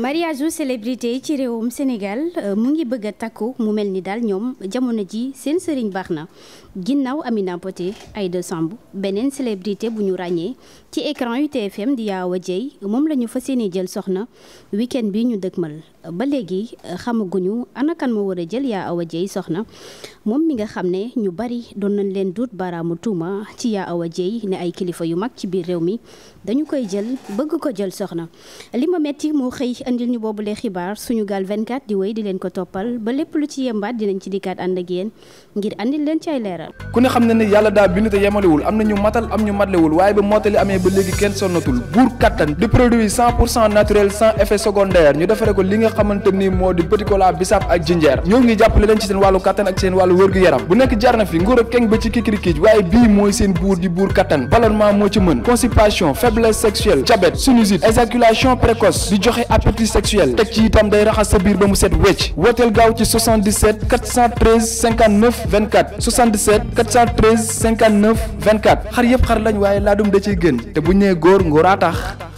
mariage u célébrité yi ci réewum Sénégal euh, mu ngi bëgg a takku mu mel ni daal ñoom jamono ji seen sëriñ baax na ginnaaw Amina Poté de sambe beneen célébrité bu ñu ràññee ci écran yu TFM di a Dieye moom la ñu fas yéene jël soxna week-end bi ñu dëgmal ba léegi euh, xamaguñu anakan ma war a jël Yaawa Dieye soxna moom mi nga xam ne ñu bari doon nañ leen duut baaraamu tuuma ci aw a Dieye ne ay kilifa yu mag ci biir réew mi dañu koy jël bëgg ko jël soxna indil naturel sans effet secondaire ñu defare ko li nga xamante ni moo di petit bisaab ak jinjeer ñoo ngi jàppale leen ci seen wàllu kattan ak seen wàllu wërgu-yaram bu nekk jarna fi nguur ak keng ba ci kikirikiij waaye bii mooy seen buur di buur kattan ballonnement moo ci mën constipation faiblesse sexuelle diabète sinusite éjaculation précoce di joxe appétit actrice sexuelle teg ci itam day raxas sa biir ba mu set wecc wooteel gaaw ci 77 413 59 24 77 413 59 24 xar yëpp xar lañ waaye laadum da ciy gën te bu ñu góor ngóoraa